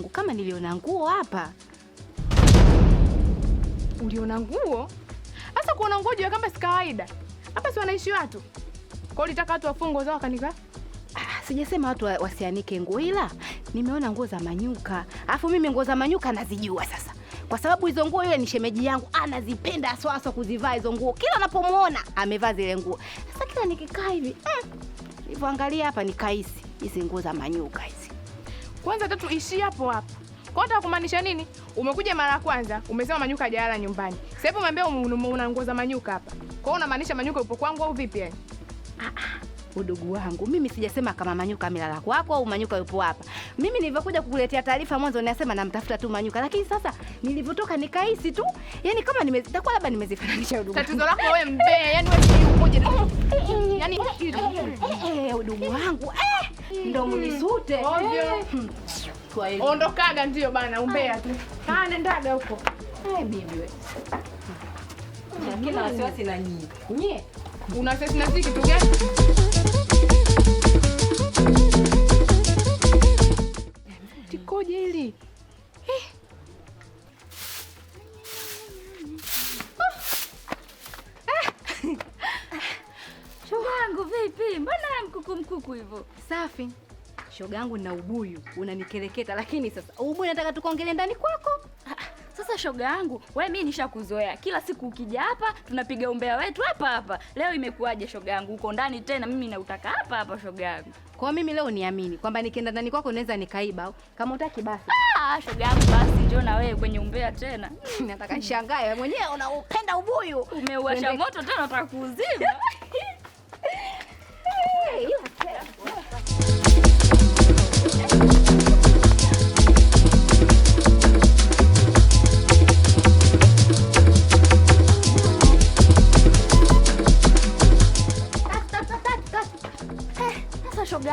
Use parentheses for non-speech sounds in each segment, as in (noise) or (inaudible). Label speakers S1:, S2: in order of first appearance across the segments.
S1: yangu kama niliona nguo hapa.
S2: Uliona nguo? Sasa kuona nguo jua kama si kawaida. Hapa si wanaishi watu. Kwa hiyo litaka watu wafungo zao wakanika.
S1: Ah, sijasema watu wasianike nguo ila nimeona nguo za manyuka. Alafu mimi nguo za manyuka nazijua sasa. Kwa sababu hizo nguo yule ni shemeji yangu, anazipenda aswaso kuzivaa hizo nguo. Kila anapomuona amevaa zile nguo. Sasa kila nikikaa hivi, mm, nilipoangalia hapa nikaisi hizi nguo za manyuka hizi.
S2: Kwanza tatu ishi hapo hapo. Kwa hiyo kumaanisha nini? Umekuja mara ya kwanza, umesema manyuka hajala nyumbani. Sasa hivi umeambia una nguo za manyuka hapa. Kwa hiyo unamaanisha manyuka yupo kwangu au vipi yani?
S1: Ah ah. Udugu wangu, mimi sijasema kama Manyuka amelala kwako au Manyuka yupo hapa. Mimi nilivyokuja kukuletea taarifa mwanzo, ninasema namtafuta tu Manyuka, lakini sasa nilivyotoka nikahisi tu, yani kama nimezitakuwa labda nimezifananisha. Udugu,
S2: tatizo lako wewe mbea, yani wewe ni umoja, eh, eh, eh,
S1: Yaani udugu wangu Eh ndo mlisute hmm.
S2: ovyo. Eh, hmm. Ondokaga ndio bana, ah. umbea tu nendada huko
S1: eh, bibi. Hmm. Kila wasiwasi na nyinyi
S2: nyie, una wasiwasi na sisi kitu gani? Tikoje hili?
S3: Vipi, mbona mkuku mkuku hivyo?
S1: Safi. Shoga yangu na ubuyu unanikereketa, lakini sasa ubuyu nataka tukaongelee ndani kwako. Ah, ah.
S3: Sasa shoga yangu, we mimi nishakuzoea, kila siku ukija hapa tunapiga umbea wetu hapa hapa. Leo imekuwaje shoga yangu, uko ndani tena? Mimi nautaka hapa hapa shoga yangu.
S1: Kwa mimi leo niamini kwamba nikienda ndani kwako naweza nikaiba au kama utaki basi.
S3: Ah, shoga yangu basi njoo na wewe kwenye umbea tena.
S1: Hmm, nataka nishangae, wewe mwenyewe unaupenda ubuyu.
S3: Umeuasha moto tena utakuuzima. (laughs) aí,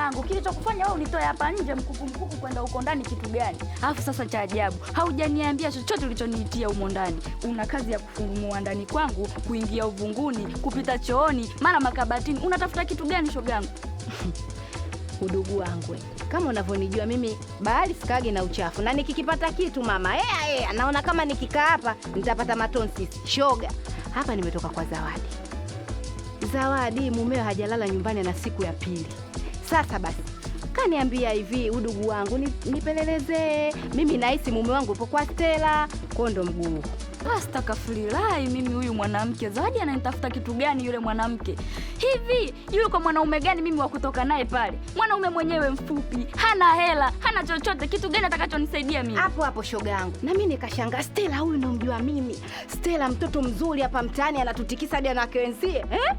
S3: yangu, kilichokufanya wewe unitoe hapa nje mkuku mkuku kwenda huko ndani kitu gani? Alafu sasa cha ajabu, haujaniambia chochote ulichoniitia humo ndani. Una kazi ya kufungua ndani kwangu, kuingia uvunguni, kupita chooni, mara makabatini. Unatafuta kitu gani shogangu? (laughs)
S1: Udugu wangu kama unavyonijua mimi, bahari sikagi na uchafu, na nikikipata kitu mama, ea eh, ea, eh, eh, naona kama nikikaa hapa nitapata matonsi. Shoga, hapa nimetoka kwa Zawadi. Zawadi mumeo hajalala nyumbani na siku ya pili. Sasa basi kaniambia hivi, udugu wangu nipelelezee, mimi nahisi mume wangu upo kwa Stela kondo mguu
S3: Astakafirilai, mimi huyu mwanamke Zawadi ananitafuta kitu gani? Yule mwanamke hivi, yule kwa mwanaume gani mimi wa kutoka naye pale? Mwanaume mwenyewe mfupi, hana hela, hana chochote. Kitu gani atakachonisaidia mimi?
S1: Hapo hapo shoga yangu, na mimi nikashangaa, Stella huyu ndio mjua mimi? Stella mtoto mzuri hapa mtaani, anatutikisa hadi anawake wenzie eh?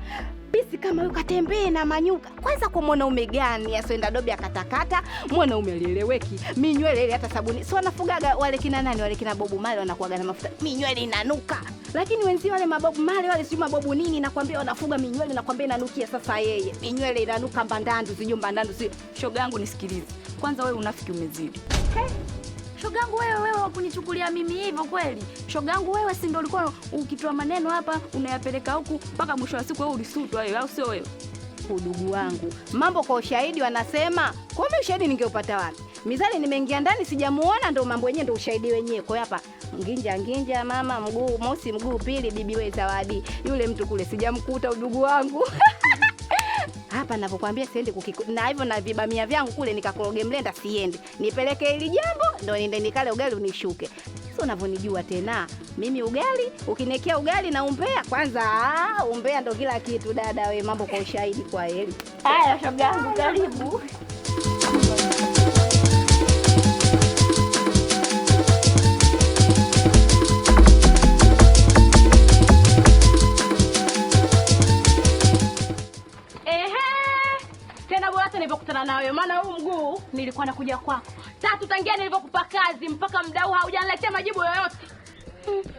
S1: bisi kama ukatembee na manyuka. Kwanza kwa mwanaume gani asoenda dobi akatakata? Mwanaume alieleweki, minywele ile hata sabuni si wanafugaga wale kina nani wale kina Bobu Male wanakuaga na mafuta minywele inanuka, lakini wenzi wale mabobu Male wale sijui mabobu nini, nakwambia wanafuga minywele, nakwambia inanukia. Sasa yeye minywele inanuka, mbandandu sijui mbandandu sijui.
S2: Shoga yangu nisikilize kwanza, wewe unafiki umezidi. Hey.
S3: Shogangu wewe, wewe wakunichukulia mimi hivyo kweli? Shogangu wewe, si ndio ulikuwa ukitoa maneno hapa unayapeleka huku mpaka mwisho wa siku wewe ulisutwa wewe, au sio wewe?
S1: Udugu wangu, mambo kwa ushahidi wanasema. Kwa mimi ushahidi ningeupata wapi? Mizali nimeingia ndani sijamuona, ndio mambo yenyewe ndio ushahidi wenyewe. Kwa hapa nginja nginja, mama mguu mosi, mguu pili, bibi we zawadi, yule mtu kule sijamkuta, udugu wangu (laughs) hapa navyokwambia siendi kukiku, na hivyo na vibamia vyangu kule nikakoroge mlenda, siendi nipeleke hili jambo, ndo niende nikale ugali unishuke. Sio unavyonijua tena mimi, ugali ukinekea ugali na umbea kwanza. Aa, umbea ndo kila kitu dada, we mambo kwa ushahidi. Kwa heri.
S3: Haya shogangu, karibu
S2: na wewe, maana huu mguu nilikuwa nakuja kwako. Tatu, tangia nilivyokupa kazi mpaka huu haujaniletea majibu yoyote.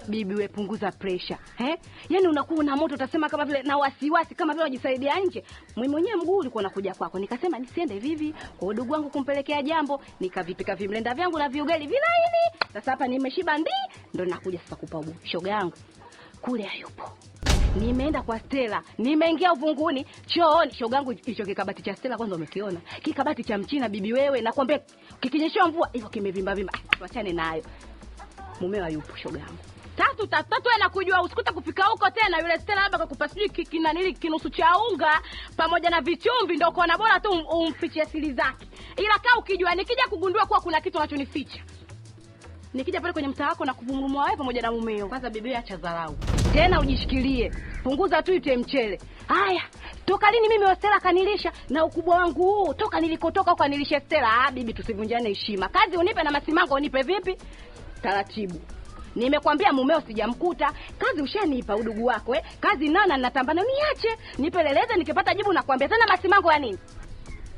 S1: Bibi we punguza pressure eh? Yaani unakuwa una moto utasema kama vile na wasiwasi kama vile unajisaidia nje. Mimi mwenyewe mguu ulikuwa unakuja kwako, nikasema nisiende vivi kwa udugu wangu kumpelekea jambo, nikavipika vimlenda vyangu na viugali vilaini. Sasa hapa nimeshiba ndii, ndo nakuja sasa kupa shoga yangu kule hayupo nimeenda kwa Stella, nimeingia uvunguni chooni. Shogangu, hicho kikabati cha Stella kwanza umekiona? Kikabati cha mchina bibi wewe, nakwambia kikinyeshwa mvua hivyo kimevimba vimba. Ah, tuachane nayo, mumewa yupo shogangu.
S2: Tatu tatu tatu, anakujua usikuta kufika huko tena. Yule Stella labda kakupa sijui kina nili kinusu cha unga pamoja na vichumvi, ndio ukaona bora tu um, umfichie siri zake, ila kaa ukijua, nikija kugundua kuwa kuna kitu anachonificha nikija pale kwenye mtaa wako na kuvungumua wewe pamoja na mumeo.
S1: Kwanza bibi, acha dharau tena, ujishikilie, punguza tu ite mchele. Haya, toka lini mimi Stella kanilisha na ukubwa wangu huu? Toka nilikotoka kwa nilisha Stella. Ah bibi, tusivunjane heshima, kazi unipe na masimango unipe. Vipi? Taratibu. Nimekwambia mumeo sijamkuta. Kazi ushanipa udugu wako eh? Kazi nana natambana, niache nipeleleze, nikipata jibu nakwambia tena. Masimango ya nini?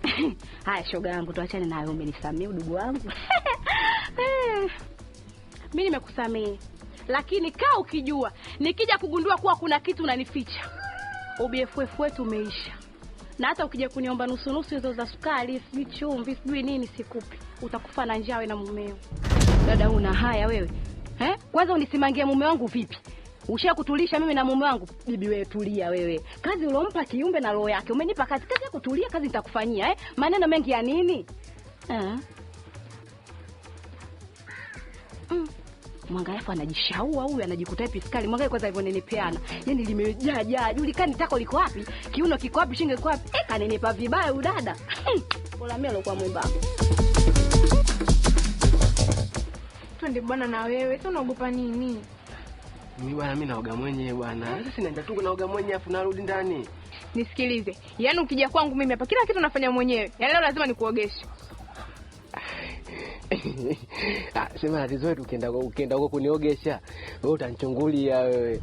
S1: (laughs) Haya shoga yangu, tuachane nayo, umenisamia udugu wangu (laughs) eh
S2: mi nimekusamehe, lakini kaa ukijua nikija kugundua kuwa kuna kitu unanificha, ubff wetu umeisha. Na hata ukija kuniomba nusunusu hizo za sukari, sijui chumvi, sijui nini, sikupi. Utakufa na njaa wewe na mumeo.
S1: Dada, una haya wewe eh? Kwanza unisimangie mume wangu vipi? Usha kutulisha mimi na mume wangu. Bibi wewe, tulia wewe. Kazi uliompa kiumbe na roho yake, umenipa kazi. Kazi ya kutulia, kazi nitakufanyia eh? Maneno mengi ya nini? Ah. Mwangalafu anajishaua huyu, anajikuta hivi skali. Mwangalie kwanza alivyonenepeana, yani limejaa jaa, julikani tako liko wapi, kiuno kiko wapi, shingo iko wapi? E, eh, kanenepa vibaya udada pola. Hmm. Mimi alokuwa mwembamba.
S2: Twende bwana na wewe, sasa unaogopa nini?
S4: Mimi bwana, mimi naoga mwenyewe bwana. Sasa sinaenda tu naoga mwenyewe afu narudi ndani.
S2: Nisikilize, yani ukija kwangu mimi hapa kila kitu nafanya mwenyewe, yani leo lazima nikuogeshe.
S4: (laughs) ah, Sema tatizo wetu, ukienda ukienda huko kuniogesha wewe utanichungulia wewe.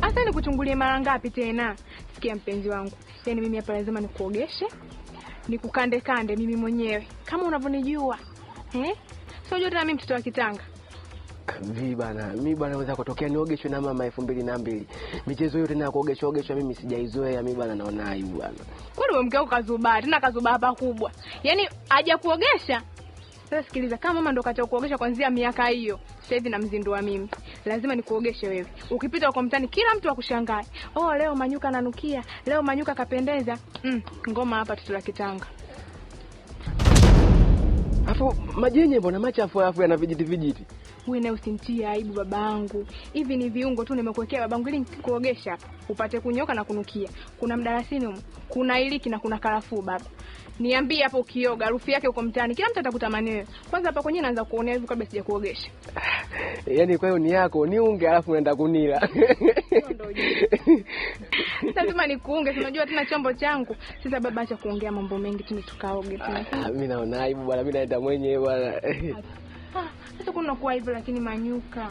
S2: Hasa nikuchungulie mara ngapi tena? Sikia mpenzi wangu, yaani mimi hapa lazima nikuogeshe, nikukande kande mimi mwenyewe kama unavyonijua eh? Sio jua tena mimi mtoto wa kitanga
S4: Vi bana, mi bana, naweza kutokea niogeshwe na mama elfu mbili na mbili. Michezo hiyo tena ya kuogeshwa ogeshwa mimi sijaizoea mi bana, naona aibu bana.
S2: Kwani wewe mke wako kazubaa tena, kazubaa hapa kubwa, yaani haja kuogesha sasa sikiliza, kama mama ndo kacha kuogesha kwanzia miaka hiyo, sasa hivi namzindua mimi, lazima nikuogeshe wewe. Ukipita uko mtani, kila mtu akushangae, oh, leo Manyuka ananukia, leo Manyuka kapendeza. Mm, ngoma hapa tutu la kitanga
S4: Afu maji yenye mbona machafu afu yana vijiti vijiti.
S2: Wewe na usimtie aibu babangu. Hivi ni viungo tu nimekuwekea babangu ili nikuogesha upate kunyoka na kunukia. Kuna mdalasini huko, kuna iliki na kuna karafuu baba. Niambie hapo ukioga, harufu yake uko mtaani. Kila mtu atakutamani wewe. Kwanza hapa kwenyewe naanza kuonea hivi kabla sijakuogesha. (sighs) (laughs)
S4: (laughs) Yaani kwa hiyo ni yako niunge, alafu unaenda kunila
S2: lazima (laughs) nikuunge. Unajua tena chombo changu sasa. Baba, acha kuongea mambo mengi, tuni mi ah,
S4: Mimi naona aibu bwana, mimi naenda mwenyewe bwana.
S2: Ah, sasa kuna kuwa hivyo, lakini manyuka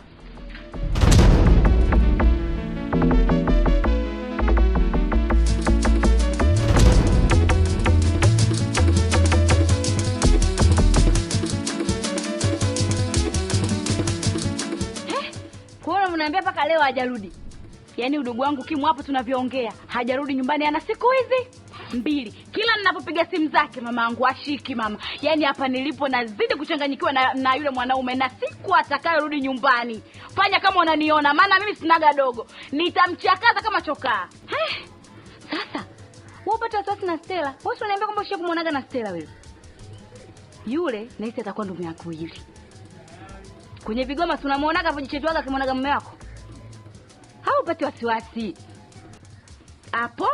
S1: Ananiambia mpaka leo hajarudi. Yaani udugu wangu Kimu hapo tunavyoongea hajarudi nyumbani, ana siku hizi mbili. Kila ninapopiga simu zake mama yangu ashiki mama. Yaani hapa nilipo nazidi kuchanganyikiwa na, na yule mwanaume na siku atakayorudi nyumbani. Fanya kama unaniona, maana mimi sinaga dogo, nitamchakaza kama chokaa. sasa wewe upate wasiwasi na Stella. Wewe unaniambia kwamba ushaje kumwonaga na Stella wewe? Yule naisi atakuwa ndugu yako yule. Kwenye vigoma tunamwonaga hapo, jichetuaga akimwonaga mume wako haupati wasiwasi. Hapo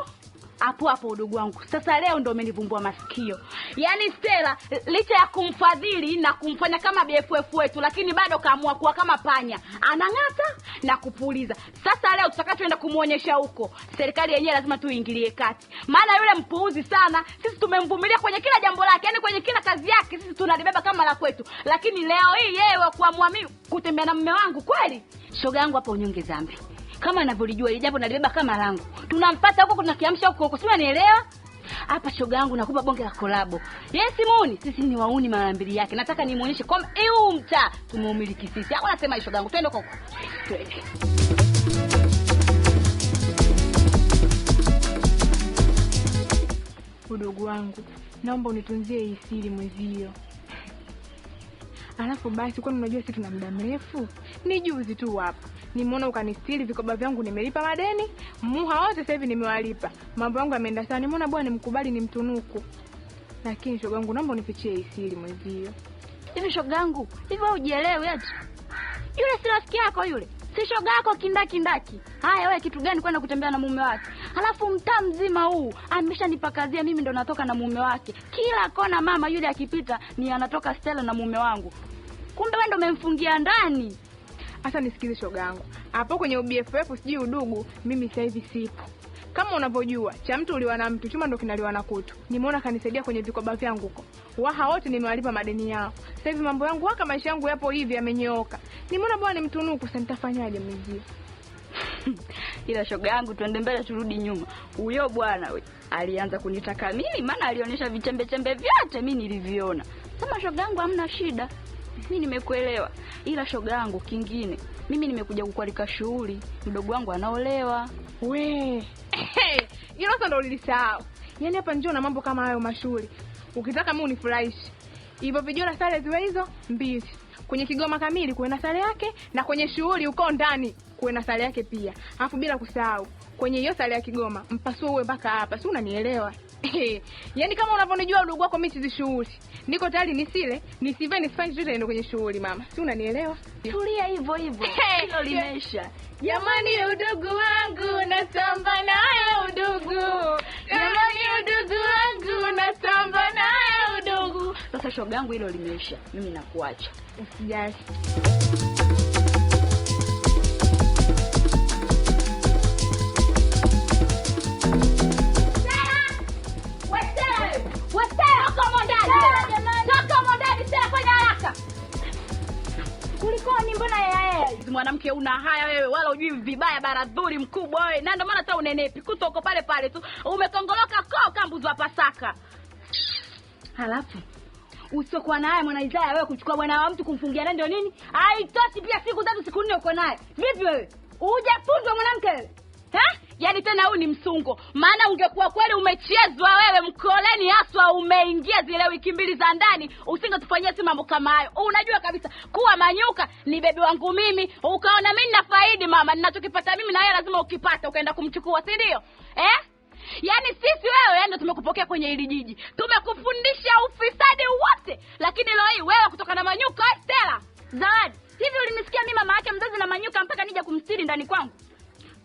S1: hapo hapo, udugu wangu, sasa leo ndo umenivumbua masikio. Yaani Stella licha ya kumfadhili na kumfanya kama BFF wetu, lakini bado kaamua kuwa kama panya, anang'ata na kupuliza. Sasa leo tutakachoenda kumwonyesha huko, serikali yenyewe lazima tuingilie kati, maana yule mpuuzi sana. Sisi tumemvumilia kwenye kila jambo lake, yani kwenye kila kazi yake, sisi tunalibeba kama la kwetu, lakini leo hii yeye wa kuamua mimi kutembea na mume wangu kweli? Shoga yangu, hapa unyonge zambi kama anavyolijua ile japo nalibeba kama langu. Tunampata huko tunakiamsha huko huko. Sema nielewa? Hapa shoga yangu nakupa bonge la kolabo. Yes, Simoni, sisi ni wauni mara mbili yake. Nataka nimuonyeshe kwa huu mtaa tumeumiliki sisi. Hapo nasema shoga yangu twende huko. Twende.
S2: Udogo wangu, naomba unitunzie hii siri mwezio. Alafu basi, kwani unajua sisi tuna muda mrefu? Ni juzi tu hapa nimeona ukanistiri vikoba vyangu, nimelipa madeni muha wote, sasa hivi nimewalipa, mambo yangu yameenda sawa, nimeona bwana nimkubali, ni mtunuku. Lakini shoga yangu, naomba unifichie hii siri mwenzio.
S1: Hivi shoga yangu, hivi wewe ujielewe? eti yule si rafiki yako yule si shoga yako kindakindaki? Haya, wewe kitu gani kwenda kutembea na mume wake? Halafu mtaa mzima huu ameshanipakazia mimi, ndo natoka na mume wake kila kona. Mama yule akipita ni anatoka Stella na mume wangu, kumbe wewe ndo umemfungia ndani.
S2: Hasa nisikize shoga yangu, hapo kwenye ubff sijui udugu, mimi sasa hivi sipo. Kama unavyojua cha mtu uliwa na mtu chuma ndo kinaliwa na kutu. Nimeona kanisaidia kwenye vikoba vyangu huko, waha wote nimewalipa madeni yao. Sasa hivi mambo yangu waka maisha yangu yapo hivi, yamenyooka. Nimeona bwana ni mtunuku, sasa nitafanyaje mwenyewe? (laughs)
S1: Ila shoga yangu, tuende mbele, turudi nyuma. Huyo bwana we alianza kunitaka mimi, maana alionyesha vichembe chembe vyote mimi niliviona. Sema shoga yangu, hamna shida mi nimekuelewa, ila shoga yangu, kingine mimi nimekuja kukualika shughuli, mdogo wangu anaolewa.
S2: We hilo sasa ndo lilisahau. Yaani hapa njoo na mambo kama hayo mashughuli. Ukitaka mimi unifurahishe hivyo vijola, sare ziwe hizo mbili kwenye Kigoma kamili kuwe na sare yake, na kwenye shughuli uko ndani kuwe na sare yake pia, alafu bila kusahau kwenye hiyo sare ya Kigoma mpasuo uwe mpaka hapa, si unanielewa? (laughs) Yaani kama unavyonijua udogo wako, mimi sizi shughuli niko tayari nisile nisivae nisifanye chochote, niende kwenye shughuli. Mama, si unanielewa?
S1: Tulia hivyo hivyo, (laughs) hilo limeisha. Jamani, udugu wangu nasamba nayo udugu, jamani, udugu wangu nasamba nayo udugu. Sasa shoga yangu, hilo limeisha, mimi nakuacha, usijali. una haya wewe, wala ujui vibaya baradhuri mkubwa wewe, na ndio maana hata unenepi kuto, uko pale pale tu umekongoloka ko kambuzi wa Pasaka. Halafu usiokuwa na haya mwana Isaya wewe, kuchukua bwana wa mtu kumfungia naye ndio nini? Haitoshi pia, siku tatu siku nne uko naye vipi wewe? Hujapundwa mwanamke wewe, eh? yani tena huu ni msungo, maana ungekuwa kweli umechezwa wewe mkoleni haswa, umeingia zile wiki mbili za ndani, usingetufanyia si mambo kama hayo. Unajua kabisa kuwa Manyuka ni bebe wangu mimi, ukaona mimi nina faidi mama, ninachokipata mimi na wewe lazima ukipate, ukaenda kumchukua, si ndio? Eh? Yaani sisi wewe, yani tumekupokea kwenye hili jiji, tumekufundisha ufisadi wote, lakini leo hii wewe kutoka na Manyuka eh, Stella Zawadi, hivi ulinisikia mimi mama yake mzazi na Manyuka mpaka nija kumstiri ndani kwangu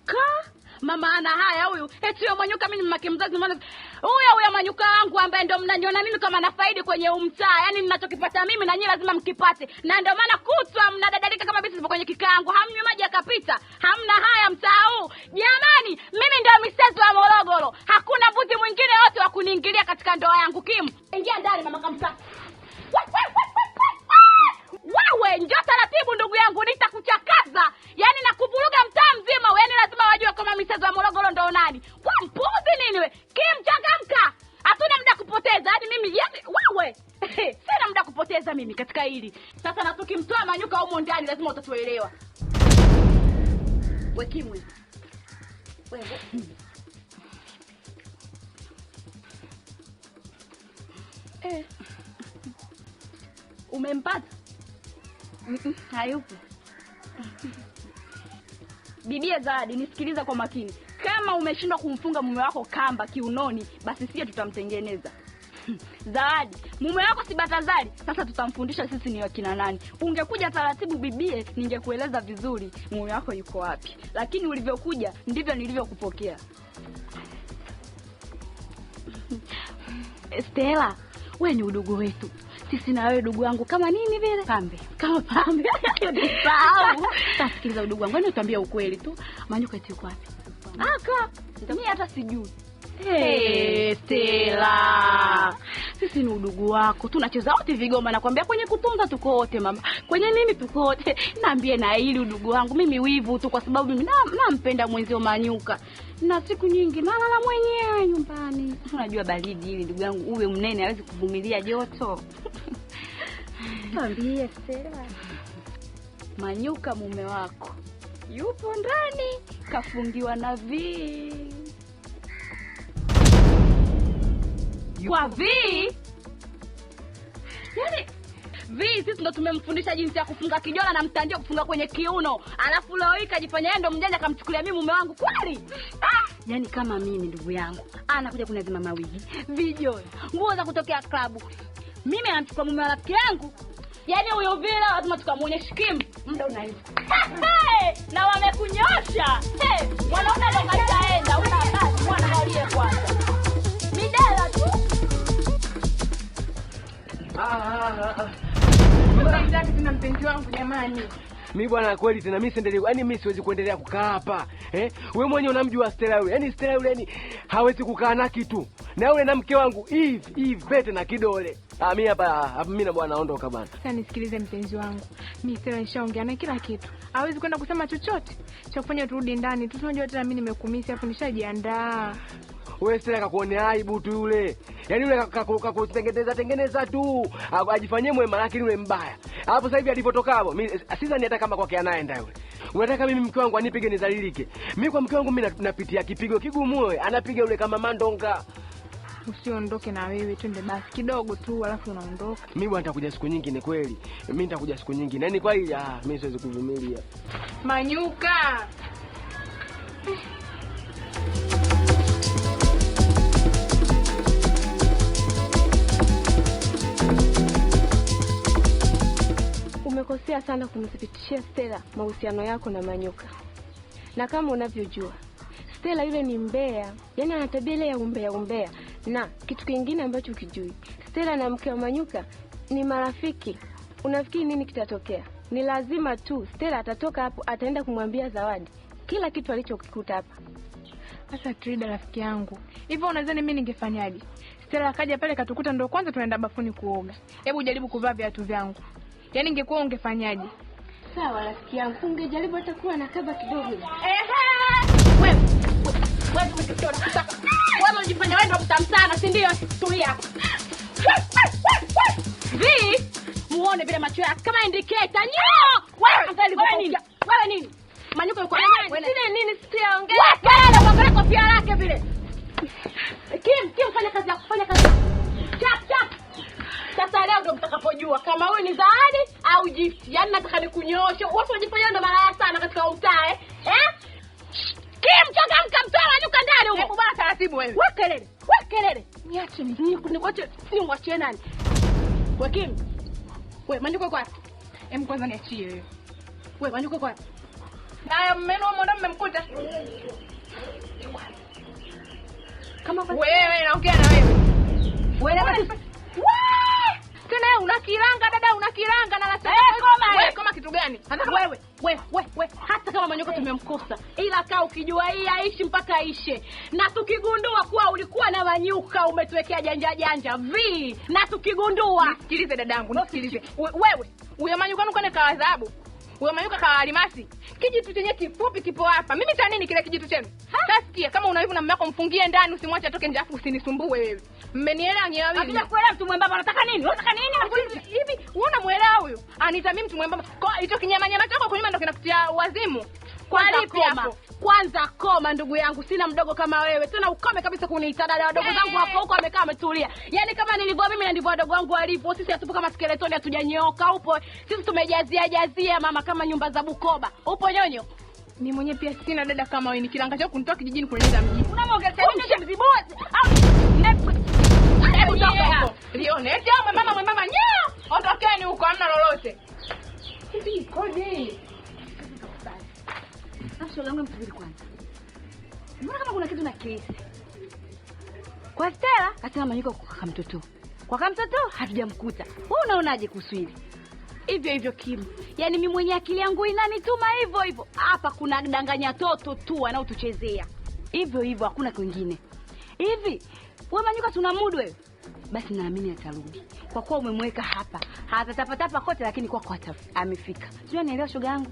S1: ka mama ana haya huyu, eti eh, huyo Mwanyuka mimi mmake mzazi, mwana huyo huyo Mwanyuka wangu ambaye ndio mnaniona mimi kama nafaidi kwenye umtaa, yani ninachokipata mimi na nyinyi lazima mkipate, na ndio maana kutwa mnadadalika kama bisi kwenye kikaangu, hamnywi maji yakapita, hamna haya mtaa huu jamani. Mimi ndio misezi wa Morogoro, hakuna mbuzi mwingine wote wa kuniingilia katika ndoa yangu. kimu ingia ndani mama. Zawadi, nisikiliza kwa makini. Kama umeshindwa kumfunga mume wako kamba kiunoni, basi sie tutamtengeneza. (laughs) Zawadi, mume wako si Batazari, sasa tutamfundisha sisi ni wakina nani. Ungekuja taratibu bibie, ningekueleza vizuri mume wako yuko wapi, lakini ulivyokuja ndivyo nilivyokupokea. estela (laughs) we ni udugu wetu sisi na wewe dugu wangu kama nini vile pambe, kama pambe (laughs) sahau. Tasikiliza udugu wangu, ni utambia ukweli tu. Manyuka eti yuko wapi? Aka ah, mimi hata sijui. Hey, Stella, sisi ni udugu wako, tunacheza wote vigoma. Nakwambia kwenye kutunza tuko wote mama, kwenye nini tuko wote. (laughs) Naambie na hili udugu wangu, mimi wivu tu, kwa sababu mimi nampenda na mwenzio Manyuka, na siku nyingi nalala mwenyewe nyumbani. Unajua baridi hili ndugu yangu, uwe mnene hawezi kuvumilia joto.
S5: (laughs) Ambie Stella,
S1: Manyuka mume wako yupo ndani, kafungiwa na vii kwa V. Yaani V sisi ndo tumemfundisha jinsi ya kufunga kijola na mtandio kufunga kwenye kiuno. Alafu leo hii kajifanya yeye ndo mjanja kamchukulia mimi mume wangu kweli? Ah, yaani kama mimi ndugu yangu anakuja kunazima mawigi, vijola, nguo za kutokea klabu. Mimi anamchukua mume wa rafiki yangu. Yaani huyo vile lazima tukamwonye shikimu. mda unaisha. Hey, na wamekunyosha. Hey, wanaona ndo kataenda, una kwanza.
S2: tena mpenzi wangu jamani.
S4: Mi bwana kweli tena mi siendelee, yani mi siwezi kuendelea kukaa hapa. Eh? Wewe mwenyewe unamjua Stella yule. Yaani Stella yule yani hawezi kukaa na kitu na nawe na mke wangu hivi hivi pete na kidole Ah, mimi hapa mimi na bwana naondoka bwana. Sasa
S2: nisikilize mpenzi wangu, Mimi sasa nishaongea na kila kitu, hawezi kwenda kusema chochote cha kufanya turudi ndani tu. Tunajua tena mimi nimekumisi hapo, nishajiandaa.
S4: Wewe sasa kakuone aibu tu yule, yaani yule kakutengeneza tengeneza tu ajifanyie mwema, lakini yule mbaya hapo. Sasa hivi alipotoka hapo, mimi sidhani hata kama kwake anaenda yule Unataka mimi mke wangu anipige nizalilike? Mimi kwa mke wangu mimi napitia kipigo kigumu, wewe. anapiga yule kama mandonga
S2: usiondoke na wewe, twende basi kidogo tu, alafu unaondoka.
S4: Mimi bwana, nitakuja siku nyingi, ni kweli. Mimi nitakuja siku nyingi, ni kwa hili. Ah, mimi siwezi kuvumilia
S2: Manyuka. Umekosea sana kumthibitishia Stella mahusiano yako na Manyuka, na kama unavyojua Stella yule ni mbea, yaani ana tabia ile ya umbea umbea na kitu kingine ambacho ukijui, stela na mke wa Manyuka ni marafiki. Unafikiri nini kitatokea? Ni lazima tu stela atatoka hapo, ataenda kumwambia Zawadi kila kitu alichokikuta hapa. Sasa Trida, rafiki yangu, hivyo unazani mimi ningefanyaje? stela akaja pale katukuta, ndo kwanza tunaenda bafuni kuoga. Hebu jaribu kuvaa viatu vyangu, yaani ingekuwa ungefanyaje? Sawa rafiki yangu, ungejaribu hata kuwa na kaba kidogo. Ehe,
S1: wewe wewe, unajifanya wewe ndo mtamsana si ndio? Tulia vi muone vile macho yako kama indiketa nyoo. Wewe nini? Wewe nini? Manyuko yuko sile nini? Sitaongea wewe, kuangalia kofia lake vile. Kim, Kim, fanya kazi yako, fanya kazi yako. Chap chap. Sasa leo ndo mtakapojua kama huyu ni Zawadi au Jifu. Yaani nataka nikunyooshe. Wewe unajifanya ndo malaya sana katika umtaa eh. pale huko. Hebu bana taratibu wewe. Wewe kelele. Wewe kelele. Niache ni kuniache si mwachie nani? Kwa kim? Wewe mandiko kwa.
S2: Em kwanza niachie wewe.
S1: Wewe mandiko kwa. Haya mmeno mwanadamu mmemkuta. Kama wewe naongea na wewe. Wewe tena una kiranga dada, una kiranga na nasema wewe koma kitu gani? Wewe wewe wewe Kinyoko tumemkosa, ila kaa ukijua hii aishi mpaka aishe, na tukigundua kuwa ulikuwa na manyuka umetuwekea janja janja vi, na tukigundua.
S2: Nisikilize dadangu, nisikilize wewe, huyo manyuka nuko kawa adhabu huyo manyuka kawa alimasi. Kijitu chenye kifupi kipo hapa, mimi nini kile kijitu chenu. Sasikia kama unawivu na mume wako, mfungie ndani, usimwache atoke nje, afu usinisumbue wewe. Mmenielewa nyewe wawili?
S1: Akija kuelewa mtu mwembamba, anataka nini? Unataka nini? Hivi wewe unamwelewa huyo? Anita mimi mtu mwembamba, kwa hicho kinyama nyama chako kunyuma ndio kinakutia wazimu. Kwanza koma. Kwanza koma ndugu yangu, sina mdogo kama wewe tena, ukome kabisa kuniita dada. Wadogo hey, zangu hapo huko amekaa ametulia yaani kama nilivyo mimi na ndivyo wadogo wangu walivyo. Sisi hatupo kama skeletoni, hatujanyoka. Upo sisi tumejazia jazia mama, kama nyumba za Bukoba. Upo nyonyo
S2: ni mwenye pia sina dada kama wewe, nikilanga chako kunitoa kijijini kuleta mjini.
S1: Unamwongelea Au hebu toka Lione, eti mama mama ondokeni huko, hamna lolote. Hivi kodi Shauri yangu msubiri kwanza. Mbona kama kuna kitu na kesi kwa Stella? Kasema Manyika kamtoto kwa kama kamtoto, hatujamkuta. Wewe unaonaje kuhusu hili? Hivyo hivyo Kim, yaani mimi mwenye akili yangu inanituma hivyo hivyo. Hapa kuna danganya toto tu anaotuchezea hivyo hivyo, hakuna kingine. Hivi we Manyika, tunamudwe. mudu wewe? Basi naamini atarudi kwa kuwa umemweka hapa, Hata hatatapatapa kote, lakini kwako kwa amefika. Sijui anielewa shoga yangu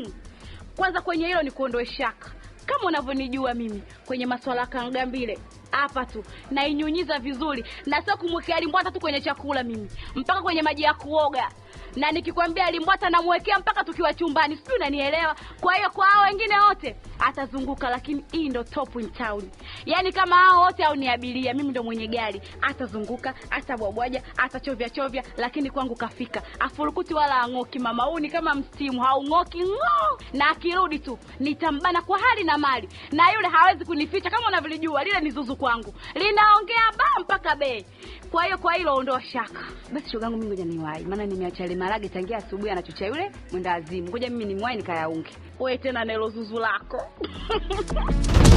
S1: (clears throat) Kwanza kwenye hilo ni kuondoe shaka, kama unavyonijua mimi kwenye masuala ya Kangambile hapa tu, nainyunyiza vizuri, na sio kumwekea limbwata tu kwenye chakula, mimi mpaka kwenye maji ya kuoga na nikikwambia limbwata namwekea mpaka tukiwa chumbani, sijui unanielewa. Kwa hiyo kwa hao wengine wote atazunguka, lakini hii ndo top in town. Yani kama hao wote au ni abiria, mimi ndo mwenye gari, atazunguka, atabwabwaja, atachovya chovya, lakini kwangu kafika. Afurukuti wala ang'oki, mama, huu ni kama mstimu, haung'oki ngo Na akirudi tu nitambana kwa hali na mali, na yule hawezi kunificha, kama unavilijua lile ni zuzu kwangu linaongea ba mpaka bei. Kwa hiyo kwa hilo ondoa shaka. Basi shogangu, mimi ngoja niwai maana nimeacha ile marage tangia asubuhi, anachocha yule mwenda azimu. Ngoja mimi mwai nikayaunge. Wewe tena nelo zuzu lako (laughs)